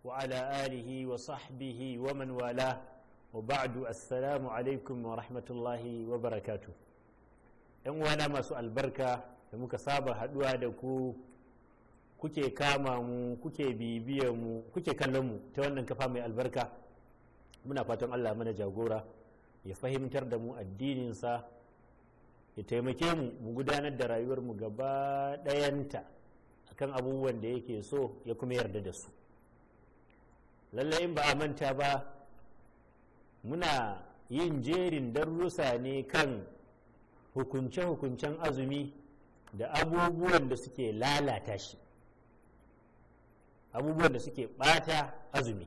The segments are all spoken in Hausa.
وعلى آله وصحبه ومن والاه وبعد السلام عليكم ورحمة wa barakatu إن وانا masu albarka da muka saba haɗuwa da ku kuke kama mu kuke bibiya mu kuke kallon mu ta wannan kafa mai albarka muna fatan Allah mana jagora ya fahimtar da mu addininsa ya taimake mu mu gudanar da rayuwar mu gaba ɗayanta akan abubuwan da yake so ya kuma yarda da su lallai in ba a manta ba muna yin jerin darussa ne kan hukunce-hukuncen azumi da abubuwan da suke lalata shi abubuwan da suke bata azumi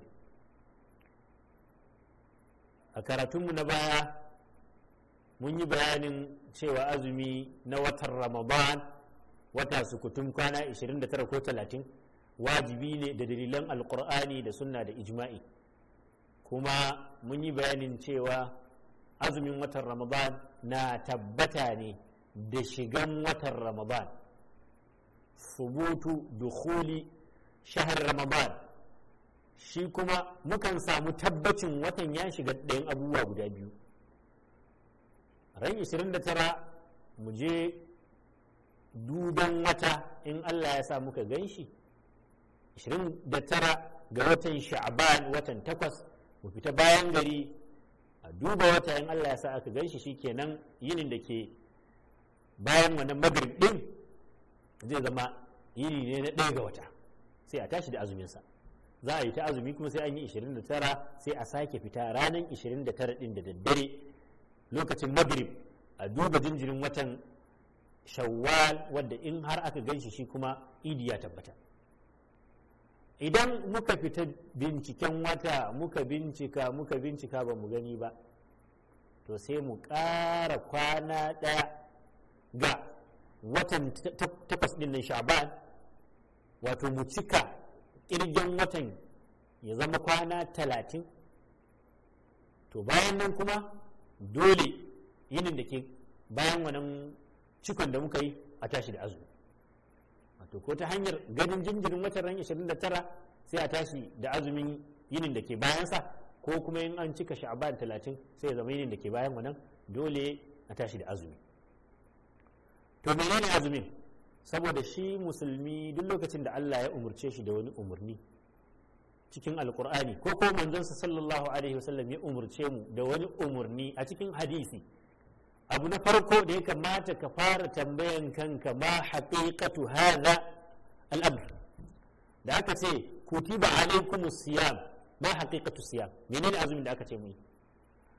a karatunmu na baya mun yi bayanin cewa azumi na watan ramadan wata sukutum kwana 29 ko 30 wajibi ne da dalilan alkur'ani da sunna da ijma'i kuma mun yi bayanin cewa azumin watan ramadan na tabbata ne da shigan watan ramadan subutu dukhuli shahar ramadan shi kuma mukan samu tabbacin watan ya shiga ɗayan abubuwa guda biyu ran 29 mu je duban wata in allah ya sa muka gan shi 29 ga watan sha'ban watan takwas mu fita bayan gari a duba wata in Allah ya sa aka gan shi kenan yinin da ke bayan wannan magrib din zai zama yini ne na ɗaya ga wata sai a tashi da azuminsa za a yi ta azumi kuma sai an yi 29 sai a sake fita ranar 29 din da daddare lokacin magrib a duba jinjirin watan shawwal wadda in har aka gan shi shi kuma idi ya tabbata idan muka fita binciken wata muka bincika muka bincika ba mu gani ba to sai mu ƙara kwana ɗaya ga watan takwas ɗin nan sha'ban wato mu cika ƙirgen watan ya zama kwana talatin to bayan nan kuma dole yinin da ke bayan wannan cikon da muka yi a tashi da azumi wato ko ta hanyar ganin jinjirin watan ran 29 sai a tashi da azumin yinin da ke bayansa ko kuma in an cika sha'aban 30 sai ya zama yinin da ke bayan wannan dole a tashi da azumi to menene azumin saboda shi musulmi duk lokacin da Allah ya umurce shi da wani umurni cikin alkur'ani ko ko manzonsa sallallahu alaihi wasallam ya umurce mu da wani umurni a cikin hadisi abu na farko da ya kamata ka fara tambayan kanka ma haqiqatu hadha al'amr da aka ce kutiba alaikum siyam ma haqiqatu siyam menene azumin da aka ce muni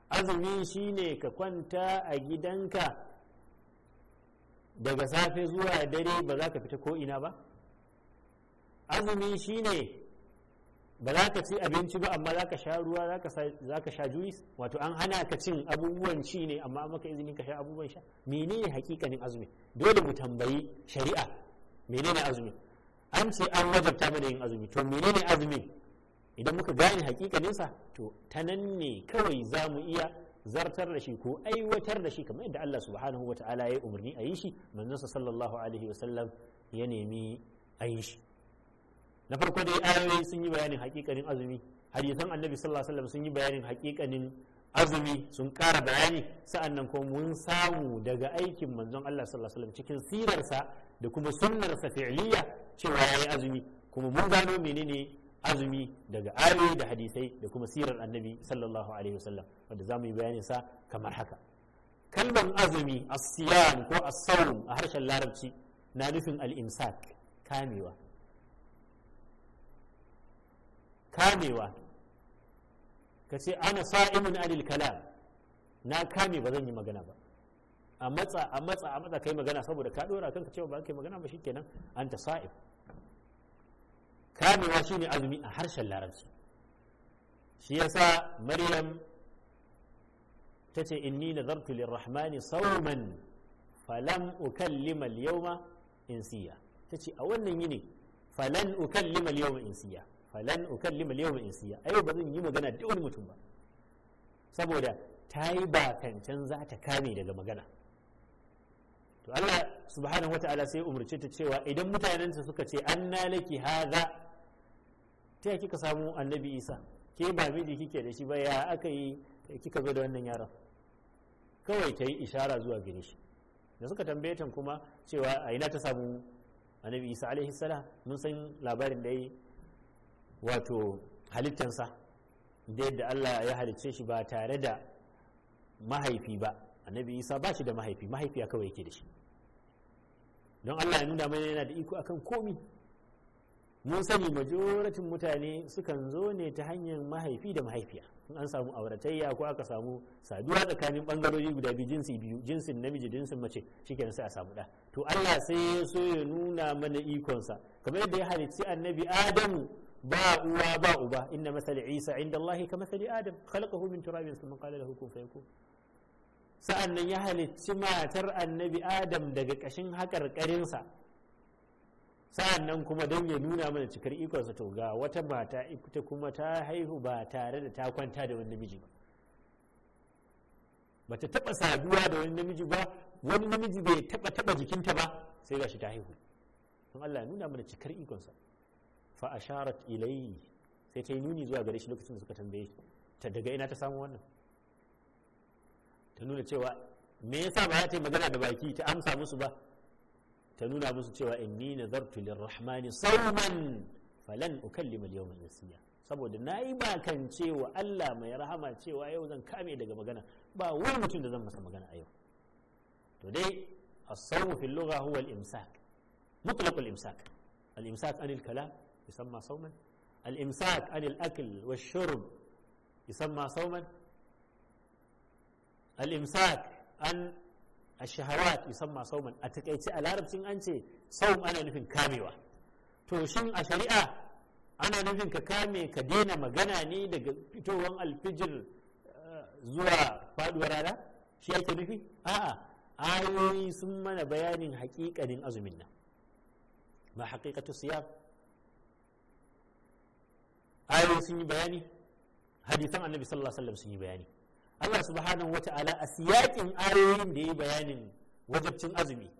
azumi shine ka kwanta a gidanka daga safe zuwa dare ba za ka fita ko ina ba azumi shine ba za ka ci abinci ba amma za ka sha ruwa za ka sha juice wato an hana ka cin abubuwan ci ne amma maka izini ka sha abubuwan sha ne hakikanin azumi dole mu tambayi shari'a ne azumi an ce an wajabta mana yin azumi to ne azumi idan muka gane hakikaninsa to ta nan ne kawai za mu iya zartar da shi ko aiwatar da shi kamar yadda Allah subhanahu wata'ala ya umarni a yi shi manzon sallallahu alaihi sallam ya nemi a yi shi na farko dai ayoyi sun yi bayanin hakikanin azumi hadisan annabi sallallahu alaihi wasallam sun yi bayanin hakikanin azumi sun kara bayani nan ko mun samu daga aikin manzon Allah sallallahu alaihi cikin sirarsa da kuma sunnarsa fi'liya cewa ya yi azumi kuma mun gano menene azumi daga ayoyi da hadisai da kuma sirar annabi sallallahu alaihi wasallam wanda mu yi bayanin sa kamar haka kalman azumi as-siyam ko as-sawm a harshen larabci na nufin al-imsak kamewa kamewa ka ce ana sa'imun anil kalam na kame ba zan yi magana ba a matsa a matsa a matsa kai magana saboda ka dora kanka cewa ba kai magana ba shikenan anta sa'im kamewa shine azumi a harshen larabci shi yasa maryam ta tace inni nadartu lirrahmani sawman falam ukallima al-yawma insiya ce a wannan yini falan ukallima al-yawma insiya falan ukallima al-yawma insiya ayo ba zan yi magana da wani mutum ba saboda ta yi bakancan za ta kame daga magana to Allah subhanahu wata'ala sai umarce ta cewa idan mutanen sa suka ce annalaki laki hadha ta kika samu annabi isa ke ba miji kike da shi ba ya aka yi kika zo da wannan yaron kawai ta yi ishara zuwa gare shi da suka tambaye kuma cewa a ina ta samu annabi isa alaihi salam mun san labarin da yi wato halittansa da yadda Allah ya halicce shi ba tare da mahaifi ba annabi isa ba shi da mahaifi ya kawai yake da shi don Allah ya nuna mana yana da iko akan komi mun sani majoratin mutane sukan zo ne ta hanyar mahaifi da mahaifiya in an samu auratayya ko aka samu saduwa tsakanin bangarori guda biyu jinsi biyu jinsin namiji jinsin mace shikenan sai a samu da to Allah sai ya so ya nuna mana ikonsa kamar yadda ya halicci annabi Adamu ba uwa ba uba inna masali isa inda Allah ka masali adam khalaqahu min turabin thumma qala lahu kun fayakun sa'annan ya halicci matar annabi adam daga kashin hakarkarin sa'an nan kuma don ya nuna mana cikar ikonsa to ga wata mata ita kuma ta haihu ba tare da ta kwanta da wani namiji ba Ba ta taba saduwa da wani namiji ba wani namiji bai taba taba jikinta ba sai ga shi ta haihu don Allah ya nuna mana cikar ikonsa fa asharat ilayhi sai ta yi nuni zuwa gare shi lokacin da suka tambaye ta daga ina ta samu wannan ta nuna cewa me yasa ba ta yi magana da baki ta amsa musu ba ta nuna musu cewa inni nazartu lirrahmani sauman falan ukallima al-yawma insiya saboda na yi bakan cewa Allah mai rahama cewa yau zan kame daga magana ba wani mutum da zan masa magana a yau to dai as-sawm fi lugha huwa al-imsak mutlaq al-imsak al-imsak anil kalam يسمى صوما الإمساك عن الأكل والشرب يسمى صوما الإمساك عن الشهوات يسمى صوما أتكيتي العرب سين أنت صوم أنا نفين كاميوة to shin a shari'a ana nufin ka kame ka daina magana ne daga fitowan alfijir zuwa faɗuwar rana shi ake nufi a'a ayoyi sun mana bayanin hakikanin azumin nan ba haƙiƙatu siyam ayoyin sun yi bayani hadisan annabi sallallahu alaihi wasallam sun yi bayani Allah subhanahu wa ta'ala a siyakin ayoyin da ya yi bayanin wajabcin azumi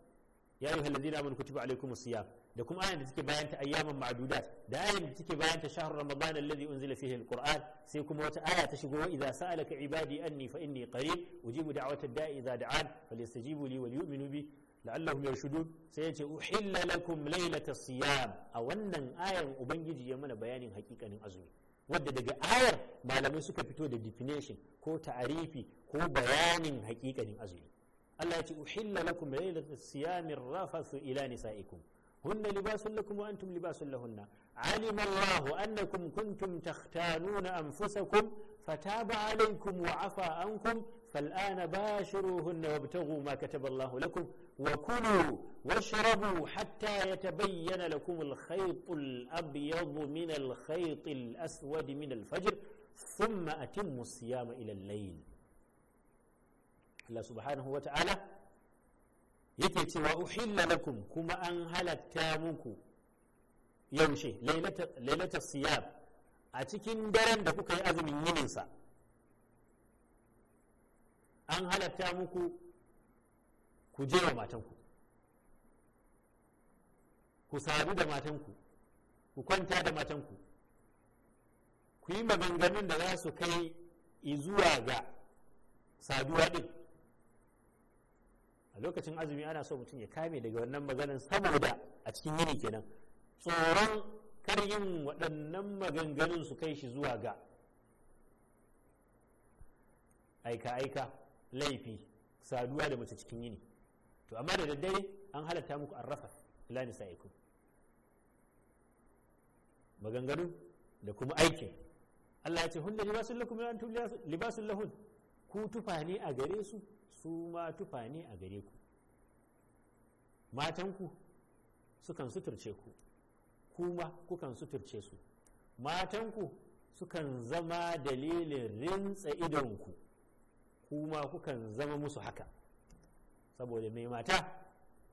ya yi halazina amanu kutiba alaikum siyam da kuma ayan da take bayan ta ayyaman ma'adudat da ayan da take bayan ta shahr ramadan alladhi unzila fihi alquran sai kuma wata aya ta shigo wa idza sa'alaka ibadi anni fa inni qarib ujibu da'wata da'i idza da'an falyastajibu li wa liyu'minu bi la'allahum yarshudun sai ya ce uhilla lakum laylata siyam a wannan ayar ubangiji ya mana bayanin hakikanin azumi wadda daga ayar malamai suka fito da definition ko ta'arifi ko bayanin hakikanin azumi Allah ya ce uhilla lakum laylata siyam rafathu ila nisaikum hunna libasun lakum wa antum libasun lahunna علم الله أنكم كنتم تختانون أنفسكم فتاب عليكم وعفى عنكم فالآن باشروهن وابتغوا ما كتب الله لكم وكلوا واشربوا حتى يتبين لكم الخيط الأبيض من الخيط الأسود من الفجر ثم أتموا الصيام إلى الليل الله سبحانه وتعالى yake cewa uhilla lakum kuma an halatta muku yaushe lailata siyam a cikin daren da kuka yi azumin yininsa an halarta muku ku je wa matanku ku sadu da matanku ku kwanta da matanku ku yi maganganun da za su kai zuwa ga saduwa din a lokacin azumi ana so mutum ya kame daga wannan maganan saboda a cikin yini kenan tsoron kar yin waɗannan maganganun su kai shi zuwa ga aika-aika laifi saduwa da mace cikin yini to amma da daddare an halatta muku arrafa ila nisa'ikum maganganu da kuma aikin Allah ya ce hunna libasun lakum wa antum libasun lahun ku tufa ne a gare su su ma tufa ne a gare ku Matan matanku sukan suturce ku kuma kukan suturce su Matan su sukan zama dalilin rintsa ku kuma kukan zama musu haka saboda mai mata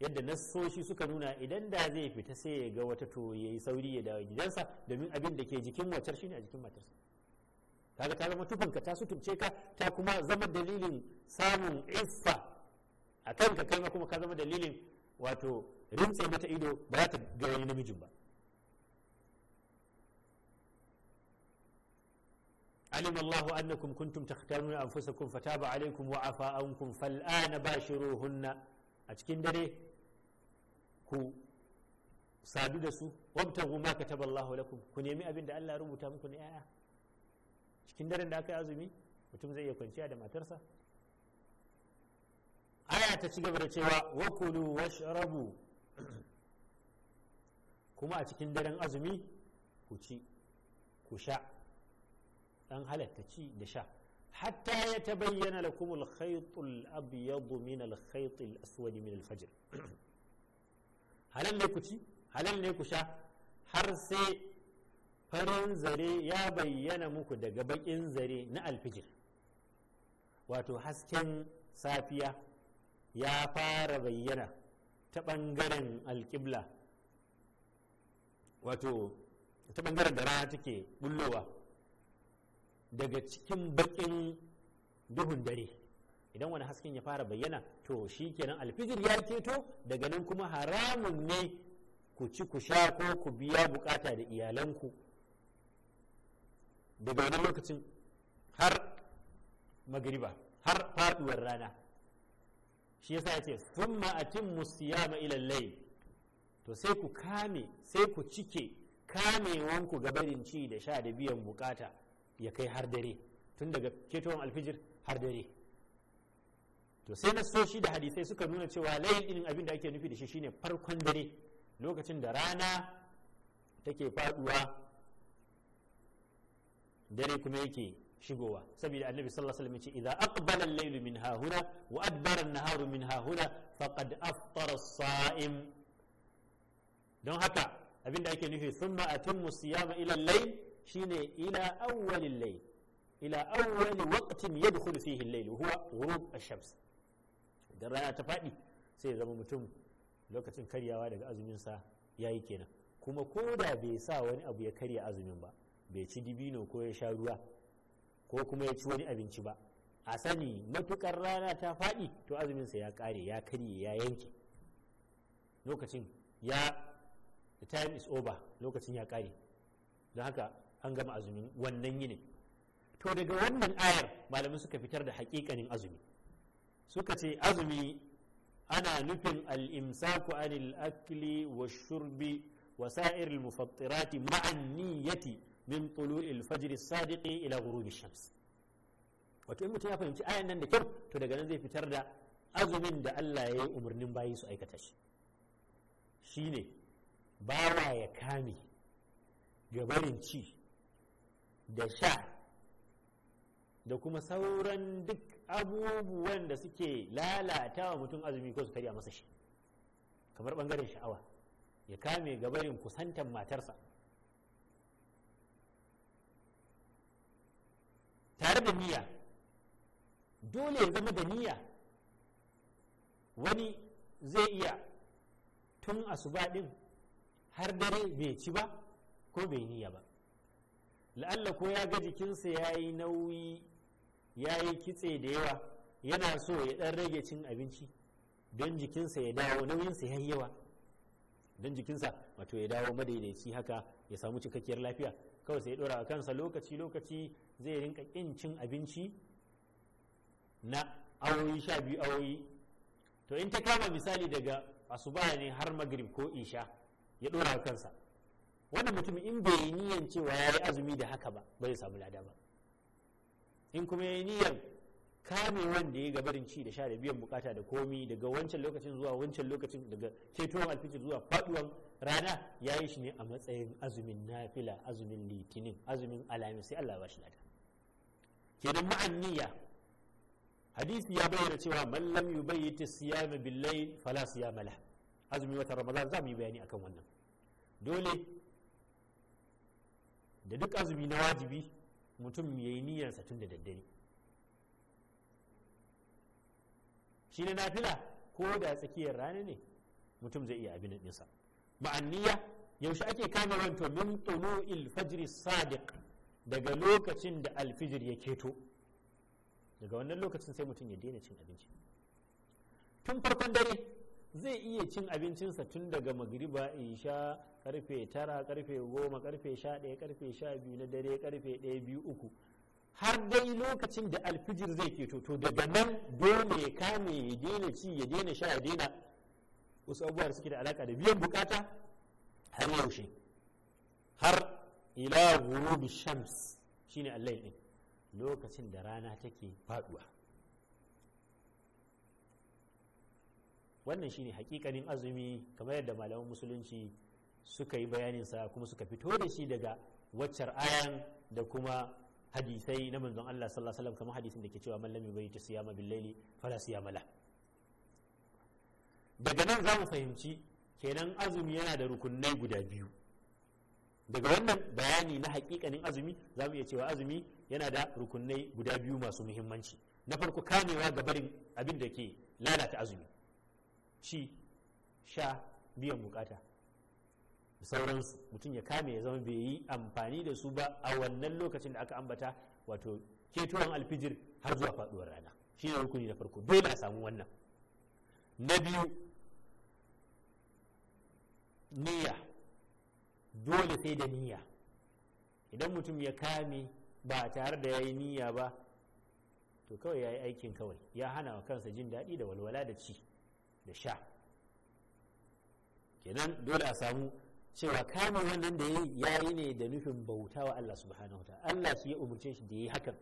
yadda nassoshi suka nuna idan da zai fita sai ya ga wata to ya yi sauri ya dawo gidansa domin abin da ke jikin matar shine a jikin matarsa kaga ta zama tufanka ta suturce ka ta kuma zama dalilin samun iffa a kanka kai kuma ka zama dalilin wato rintse mata ido ba za ta ga wani namijin ba علم الله أنكم كنتم تختارون أنفسكم فتاب عليكم وعفى عنكم فالآن باشروهن أتكين دري كو sadu da su wabtagu ma kataba da Allah da aka yi ta ci gaba da cewa wa kuma a cikin daren azumi sha an halatta ci da sha hatta ya bayyana lakum al-khaytul abyadu min al aswadi min al halal ne ku ci halal ne ku sha har sai farin zare ya bayyana muku daga bakin zare na alfijir wato hasken safiya ya fara bayyana ta ɓangaren alƙibla wato ta ɓangaren da rana take bullowa daga cikin bakin duhun dare idan wani hasken ya fara bayyana to shi kenan alfijir ya keto daga nan kuma haramun ne ku ci ku sha ko ku biya bukata da iyalanku daga wani lokacin har magariba har faduwar rana shi yasa yace thumma atimmu siyama ila layl to sai ku kame sai ku cike kamewanku gabarin ci da sha da biyan bukata ya kai har dare tun daga ketowar alfijir har dare to sai nasoshi da hadisai suka nuna cewa laifin abin da ake nufi da shi shine farkon dare lokacin da rana take faduwa dare kuma yake shigowa saboda annabi sallallahu alaihi wasallam ya ce idza aqbala al-laylu min hahuna wa adbara an-naharu min hahuna faqad aftara as-sa'im don haka abinda ake nufi thumma atimmu siyama ila al-layl shine ila awwalil layl ila awwal waqtin yadkhulu fihi al-layl huwa ghurub ash-shams idan rana ta fadi sai ya zama mutum lokacin karyawa daga azumin sa yayi kenan kuma ko da bai sa wani abu ya karya azumin ba bai ci dibino ko ya sha ruwa ko kuma ya ci wani abinci ba a sani matukar rana ta faɗi to azuminsa ya ƙare ya karye ya yanke lokacin ya the time is over lokacin ya ƙare don haka an gama azumin wannan yinin to daga wannan ayar malamai suka fitar da hakikanin azumi suka ce azumi ana nufin al-imsaku anil akli wa shurbi wa sa'iril mufattirati ma'an niyyati min tulu'il fajr sadiqi ila gurubi shams wato in mutum ya fahimci ayan nan da kyau to daga nan zai fitar da azumin da Allah ya yi umarnin bayi su aikata shi shine bawa ya kame barin ci da sha da kuma sauran duk abubuwan da suke lalata wa mutum azumi ko su karya masa shi kamar bangaren sha'awa ya kame gabarin kusantan matarsa tare da niyya dole ya zama da niyya wani zai iya tun asuba din har dare bai ci ba ko bai niyya ba la'alla ko ya ga jikinsa ya yi nauyi ya yi kitse da yawa yana so ya ɗan rage cin abinci don jikinsa ya dawo nauyinsa ya yi yawa don jikinsa wato ya dawo madaidaici haka ya samu cikakkiyar lafiya kawai sai ya ɗora kansa lokaci lokaci zai rinka ƙin cin abinci na awoyi sha biyu awoyi to in ta kama misali daga asuba ne har magrib ko isha ya ɗora kansa wannan mutum in bai yi niyan cewa ya yi azumi da haka ba bai samu lada ba in kuma ya yi niyan kame wanda ya gabarin ci da sha da biyan bukata da komi daga wancan lokacin zuwa wancan lokacin daga ketowar alfijir zuwa faduwan rana ya yi shi ne a matsayin azumin nafila azumin litinin azumin alamin sai Allah ba shi lada kenan ma'an niyya hadisi ya bayyana cewa man lam yubayyit siyama ma billai fala siyama la azumi wata ramadan za mu yi bayani akan wannan dole da duk azumi na wajibi mutum ya yi niyyarsa tun da daddare shi na nafila ko da tsakiyar rana ne mutum zai iya abin ɗinsa ma'anniya yaushe ake kama ranto min tulu ilfajiri sadiq daga lokacin da alfijir ya keto daga wannan lokacin sai mutum ya daina cin abinci tun farkon dare zai iya cin abincinsa tun daga magriba isha karfe tara karfe goma karfe sha ɗaya karfe sha biyu na dare karfe ɗaya biyu uku har dai lokacin da alfijir zai ke to daga nan dole ya kame ya daina ci ya daina sha ya daina wasu abubuwa da suke da alaka da biyan bukata har yaushe har ila ghurubi shams shine allai din lokacin da rana take faduwa wannan shine hakikanin azumi kamar yadda malaman musulunci suka yi bayaninsa kuma suka fito da shi daga waccar ayan da kuma hadisai na manzon Allah sallallahu alaihi wasallam kamar hadisin da ke cewa man lam yubayyi siyama bil layli fala siyama la daga nan za mu fahimci kenan azumi yana da rukunai guda biyu daga wannan bayani na hakikanin azumi za mu iya cewa azumi yana da rukunai guda biyu masu muhimmanci na farko kamewa ga barin abin da ke lalata azumi ci sha biyan bukata sauransu mutum ya kame ya zama bai yi amfani da su ba a wannan lokacin da aka ambata wato ketowar alfijir har zuwa faduwar rana shi ne rukuni na farko dole a samu wannan na biyu niyya dole sai da niyya idan mutum ya kame ba tare da ya yi niyya ba to kawai ya yi aikin kawai ya hana wa kansa jin daɗi da walwala da ci da sha kenan dole a samu cewa kama wannan da ya yi ne da nufin bauta wa Allah subhanahu wa ta'ala Allah su ya umarce shi da yi hakan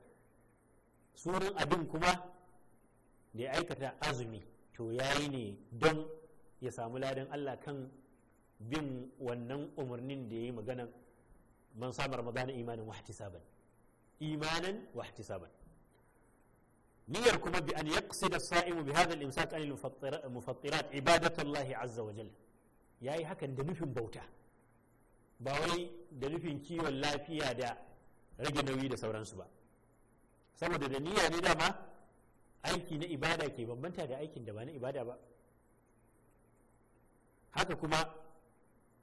sunan abin kuma da ya aikata azumi to ya yi ne don ya samu ladan Allah kan bin wannan umarnin da ya yi maganan man samar magana imanin wahtisaban imanan wahtisaban niyyar kuma bi an yaqsida as-sa'imu bi hadha al-imsak an al-mufattirat ibadatullahi azza wa jalla yayi hakan da nufin bauta ba wai da nufin kiwon lafiya da rage nauyi da sauransu ba saboda da niyya ne dama aiki na ibada ke bambanta da aikin da ba na ibada ba haka kuma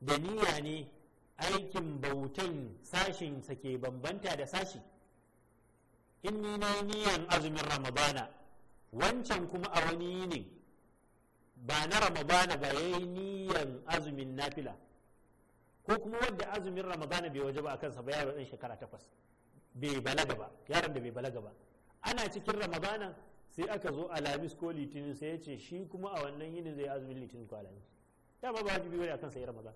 da niyya ne aikin bautan sashin sa ke bambanta da sashi in ni na niyan azumin ramadana wancan kuma a wani yinin ba na ramadana ba ya yi niyan azumin nafila ko kuma wanda azumin ramadana bai waje ba a kansa ba yaro ɗan shekara takwas bai balaga ba yaron da bai balaga ba ana cikin ramadana sai aka zo alamis ko litinin sai ya ce shi kuma a wannan yinin zai azumin litinin ko alamis dama ba wajibi wani a kansa ya ramadana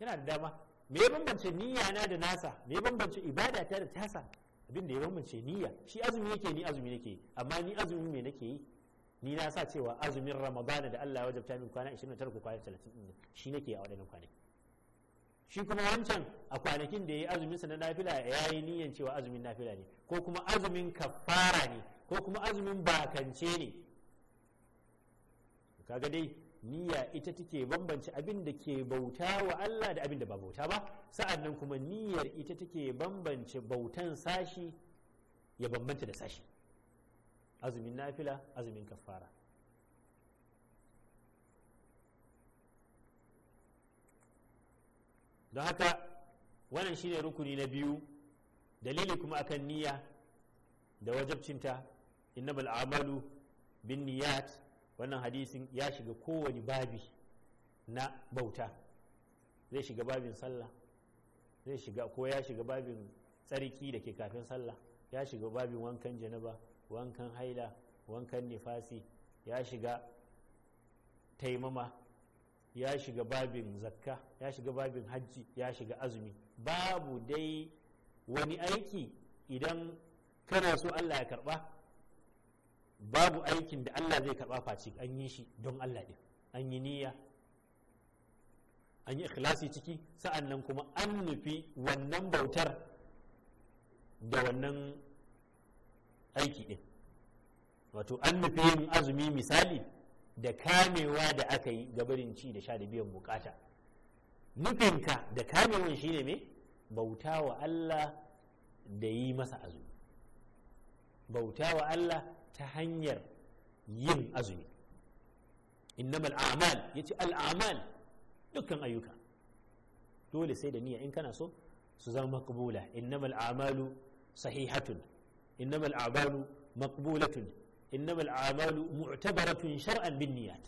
yana da dama me ya bambance niyya na da nasa me ya bambance ibada ta da tasa abin da ya bambance niyya shi azumi yake ni azumi nake amma ni azumi me nake yi ni na sa cewa azumin ramadana da Allah ya wajabta min kwana 29 ko kwana 30 din shi nake a wadannan kwanaki shi kuma wancan a kwanakin da ya yi azumin sa na nafila ya yi niyyan cewa azumin nafila ne ko kuma azumin kafara ne ko kuma azumin bakance ne kaga dai niyya ita take bambance abin da ke bauta wa Allah da abin da ba bauta ba sa'an nan kuma niyyar ita take bambance bautan sashi ya bambanta da sashi azumin nafila azumin kafara don haka wannan shine rukuni na biyu dalili kuma akan niyya da wajabcinta innamal amalu bin niyat wannan hadisin ya shiga kowane babi na bauta zai shiga babin sallah zai shiga ko ya shiga babin tsarki da ke kafin sallah ya shiga babin wankan janaba wankan haila wankan nifasi ya shiga taimama ya shiga babin zakka ya shiga babin hajji ya shiga azumi babu dai wani aiki idan kana so allah ya karba babu aikin da Allah zai karɓa face an yi shi don Allah ɗin an yi niyya an yi ikhlasi ciki sa'an nan kuma an nufi wannan bautar da wannan aiki ɗin wato an nufi yin azumi misali da kamewa da aka yi gabarin ci da sha da biyan bukata nufinka da kamewan shine me bauta wa Allah da yi masa azumi bauta wa Allah ta hanyar yin azumi innamal a'mal yace al a'mal dukkan ayyuka dole sai da niyya in kana so su zama maqbula innamal a'malu sahihatun innamal a'malu maqbulatun innamal a'malu mu'tabaratun shar'an bin niyyat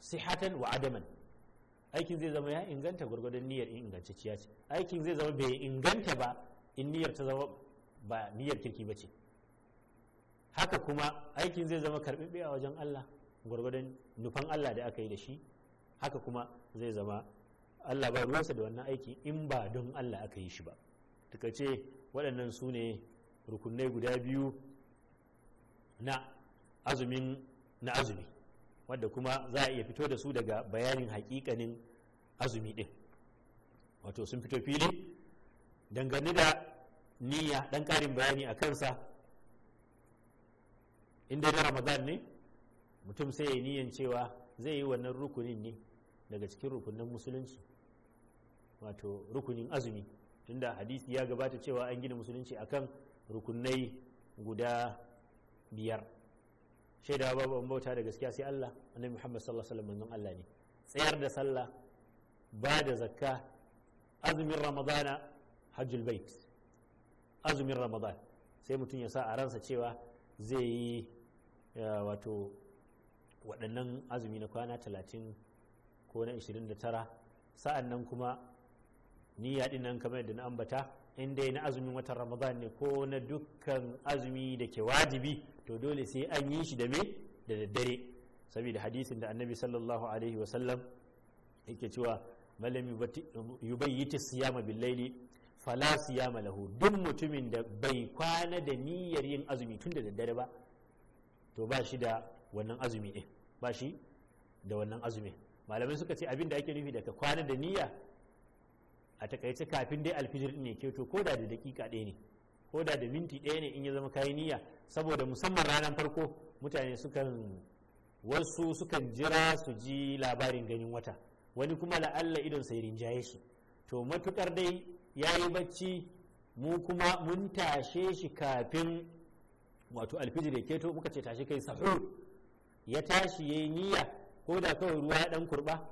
sihatan wa adaman aikin zai zama ya inganta gurgurdan niyyar in ingantacciya ce aikin zai zama bai inganta ba in niyyar ta zama ba niyyar kirki ba ce haka kuma aikin zai zama karɓaɓɓe a wajen Allah gwargwadon nufan Allah da aka yi da shi haka kuma zai zama Allah ba ruwansa da wannan aiki in ba don Allah aka yi shi ba ce waɗannan su ne rukunai guda biyu na azumin na azumi wadda kuma za a iya fito da su daga bayanin haƙiƙanin azumi ɗin wato sun fito fili dangane da niyya ɗan ƙarin bayani a kansa in dai na ramadan ne mutum sai ya niyan cewa zai yi wannan rukunin ne daga cikin rukunin musulunci wato rukunin azumi tunda hadisi ya gabata cewa an gina musulunci akan rukunai guda biyar shaida ba ba bauta da gaskiya sai Allah annabi Muhammad sallallahu alaihi wasallam Allah ne tsayar da sallah ba da zakka azumin ramadana hajjul bait azumin ramadan sai mutum ya sa a ransa cewa zai yi wato waɗannan azumi na kwana talatin ko na ishirin sa'an nan kuma niyya ɗin nan kamar yadda na ambata in dai na azumin watan ramadan ne ko na dukkan azumi da ke wajibi to dole sai an yi shi da me da daddare saboda hadisin da annabi sallallahu alaihi wasallam yake cewa malam ma siyama billaili fala siyama lahu duk mutumin da bai kwana da niyyar yin azumi tun da daddare ba to ba shi da wannan azumi ɗin ba shi da wannan azumi malamai suka ce abin da ake nufi daga kwana da niyya a takaice kafin dai alfijir ne ke to ko da da dakika ɗaya ne ko da da minti ɗaya ne in ya zama kayan niyya saboda musamman ranar farko mutane sukan wasu sukan jira su ji labarin ganin wata wani kuma la'alla idon sai rinjaye shi to matukar dai ya yi bacci mu kuma mun tashe shi kafin wato alfijir ya keto muka ce tashi kai sahur ya tashi ya yi niyya ko da kawai ruwa ya dan kurba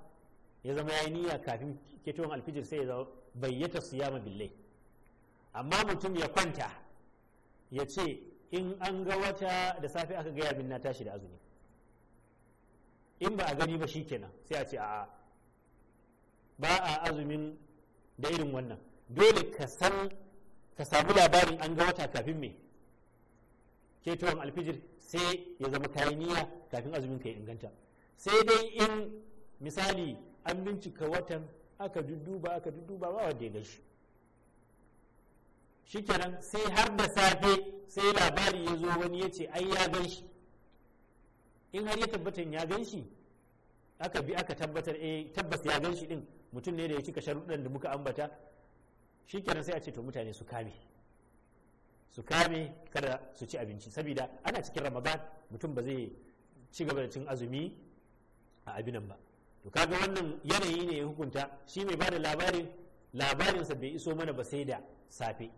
ya zama ya yi niyya kafin ketowar alfijir sai ya zama bayyata yama billai amma mutum ya kwanta ya ce in an ga wata da safe aka gaya min na tashi da azumi in ba a gani ba shi kenan sai a ce a'a ba a azumin da irin wannan dole ka san ka samu labarin an ga wata kafin me ketowar alfijir sai ya zama kayan niyya kafin azumin ka ya inganta sai dai in misali an bincika watan aka dudduba aka dudduba ba wanda ya gaishe shikenan sai har da safe sai labari ya zo wani ya ce ai ya gan in har ya tabbatan ya gan aka bi aka tabbatar eh tabbas ya gan shi din mutum ne da ya cika sharuɗan da muka ambata shikenan sai a ce to mutane su kame su kame kada su ci abinci saboda ana cikin ramadan mutum ba zai ci gaba da cin azumi a abinan ba to kaga wannan yanayi ne ya hukunta shi mai bada labarin labarinsa bai iso mana ba sai da safe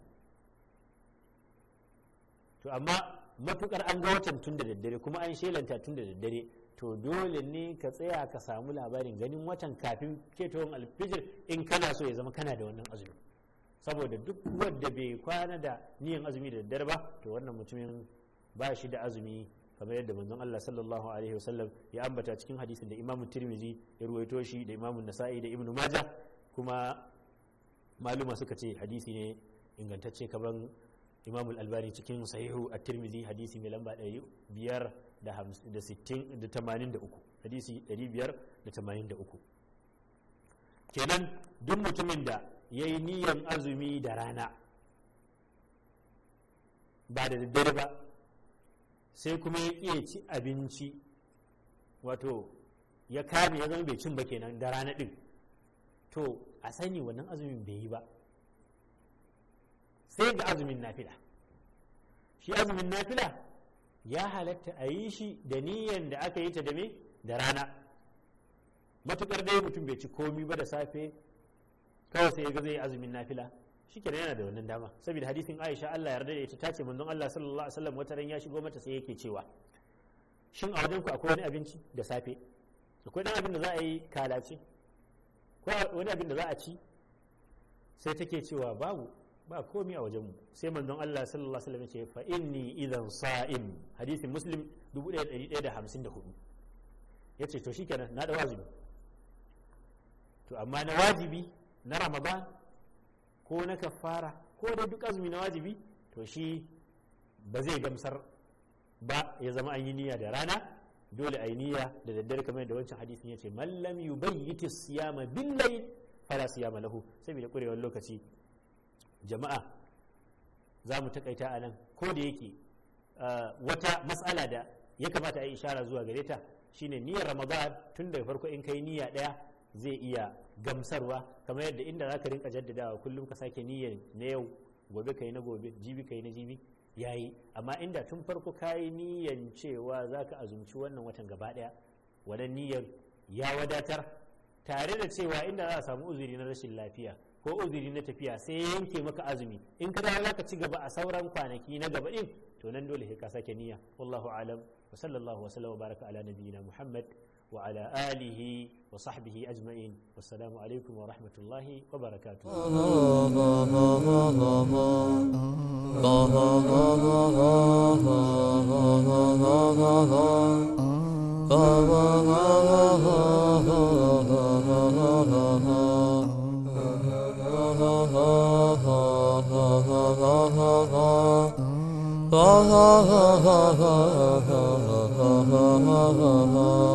to amma matukar an ga watan tun da daddare kuma an shelanta tun da daddare to dole ne ka tsaya ka samu labarin ganin watan kafin ketowar alfijir in kana so ya zama kana da wannan azumi saboda duk wanda bai kwana da niyan azumi da daddare ba to wannan mutumin ba shi da azumi kamar yadda manzon Allah sallallahu alaihi wasallam ya ambata cikin hadisin da Imam Tirmidhi ya ruwaito shi da Imam Nasa'i da Ibn Majah kuma maluma suka ce hadisi ne ingantacce kaban Imam Al-Albani cikin Sahihu At-Tirmidhi hadisi mai lamba 583 hadisi 583 kenan duk mutumin da ya yi niyan azumi da rana ba da daddare ba sai kuma ya ƙi ci abinci wato ya kame ya zama bai cin ba kenan da rana ɗin to a sani wannan azumin bai yi ba sai ga azumin nafila shi azumin nafila ya halatta a yi shi da niyan da aka yi ta da me da rana matuƙar dai mutum bai ci komi ba da safe kawai sai ga zai azumin nafila shikenan yana da wannan dama saboda hadisin Aisha Allah yarda da ita tace manzon Allah sallallahu alaihi wasallam wata ran ya shigo mata sai yake cewa shin a wajen ku akwai wani abinci da safe akwai dan abin da za a yi kalace ko wani abin da za a ci sai take cewa babu ba komi a wajenmu sai manzon Allah sallallahu alaihi wasallam ya ce fa inni idan sa'im hadisin muslim 1154 yace to shikenan na da wajibi to amma na wajibi na ramadan ko na kafara ko da duk azumi na wajibi to shi ba zai gamsar ba ya zama an yi niyya da rana dole a yi niyya da daddare kamar yadda wancan hadisin ya ce mallam Yu ma siyama billahi fala siyama lahu saboda kurewar lokaci jama'a za mu takaita a nan ko da yake wata matsala da ya kamata a yi ishara zuwa gare ta shine niyyar ramadan tun daga farko in kai niyya ɗaya. zai iya gamsarwa kamar yadda inda zaka rinka jaddadawa kullum ka sake niyyar na yau gobe kai na gobe jibi kai na jibi yayi amma inda tun farko ka yi niyyan cewa zaka azumci wannan watan gaba daya wannan niyyar ya wadatar tare da cewa inda za a samu uzuri na rashin lafiya ko uzuri na tafiya sai yanke maka azumi in ka dawo zaka ci gaba a sauran kwanaki na gaba din to nan dole sai ka sake niyya wallahu alam wa sallallahu wa baraka ala nabiyina muhammad وعلى آله وصحبه أجمعين والسلام عليكم ورحمة الله وبركاته Ha ha ha ha ha ha ha ha ha ha